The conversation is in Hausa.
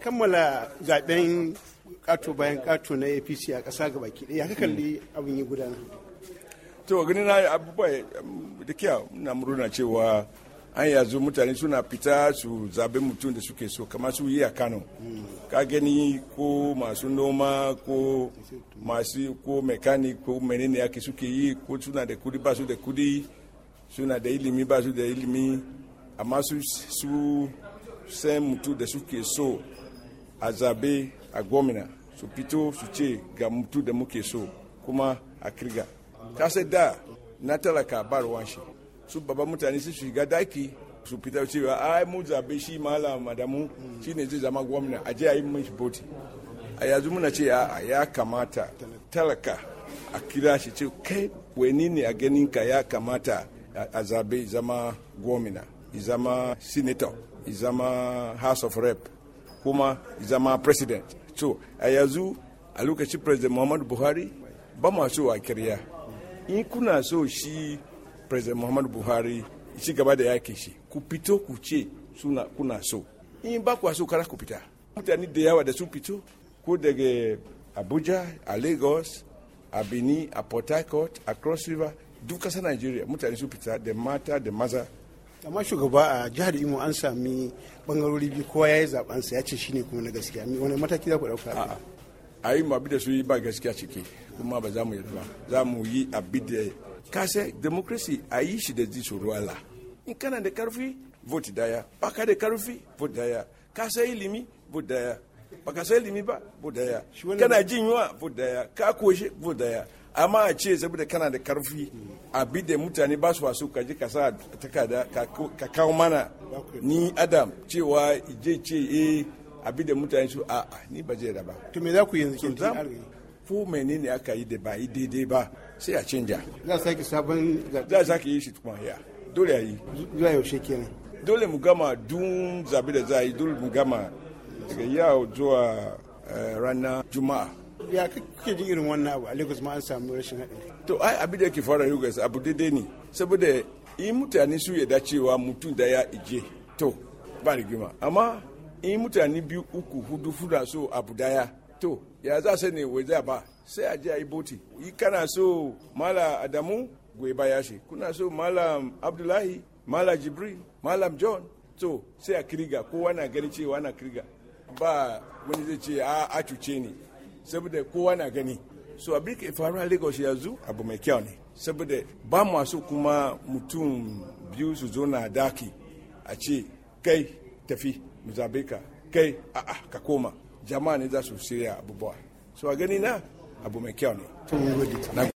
kammala zaben kato bayan kato na apc a ƙasa baki ɗaya ya kalli abin yi gudana to gani na abubuwa um, da kyau na muruna cewa an yazo mutane suna fita su zaben mutum da suke so kamar su yi a kano mm. ka gani ko masu noma ko masu ko mekani ko menene yake suke yi ko suna da kudi ba su da kudi suna da ilimi ba su da ilimi amma su sai mutu da suke so a zabe a gwamina su fito su ce ga mutu da muke so kuma a kirga ta sai da na talaka ba ruwan su babban mutane su shiga daki su fita cewa ai mu zabe shi malam madamu shi ne zai zama gwamna a je a yi mishi boti a yanzu muna ce ya kamata talaka a kira shi ce kai wani ne a ka ya kamata a zabe zama gwamna zama senator zama house of rep kuma zama president so a yanzu a lokacin president muhammadu buhari ba ma so a kirya in kuna so shi president muhammadu buhari ci gaba da yakin shi ku fito ku ce suna kuna so in ba ku so kara ku fita mutane da yawa da su fito ko daga abuja a lagos a benin a port harcourt a cross river duk ƙasar nigeria mutane su fita da mata da maza amma shugaba a jihar imo an sami bangarori biyu kowa ya yi zabansa ya ce shine kuma na gaskiya wani mataki za ku ɗauka a yi mabi da su yi ba gaskiya ciki kuma ba za mu yi ba za mu yi abi da kasa democracy a yi shi da ji tsoro Allah in kana da karfi vote daya baka da karfi vote daya ka sai ilimi vote daya baka sai ilimi ba vote daya kana jin yunwa vote daya ka koshe vote daya amma a ce saboda kana da karfi abi da mutane ba su wasu kaji ka sa takarda ka kawo mana ni adam cewa je ce eh abi da mutane su a ni ba zai raba to me za ku yanzu kin ko menene aka yi da ba yi daidai ba sai a canja za a sake sabon za a sake yi shi kuma ya dole a yi zuwa yaushe kenan dole mu gama dun zabi da za a yi dole mu gama daga yau zuwa eh, ranar juma'a ya kake jin irin wannan abu a lagos ma an samu rashin haɗin to ai abin da yake fara lagos abu daidai ne saboda in mutane su yada cewa mutum da ya ije to ba rigima amma in mutane biyu uku hudu funa so abu daya to ya za su ne waje ba sai a je a yi boti yi kana so mala adamu goyi baya shi kuna so malam abdullahi malam jibril malam john to sai a kiriga kowa na gani cewa na kiriga ba wani zai ce a cuce ne saboda kowa na gani so abin ke faruwa lagos yanzu abu mai kyau ne saboda ba masu kuma mutum biyu su zo na daki a ce kai tafi mu zabe ka kai ka koma jama'a ne za su shirya abubuwa so a gani na abu mai kyau ne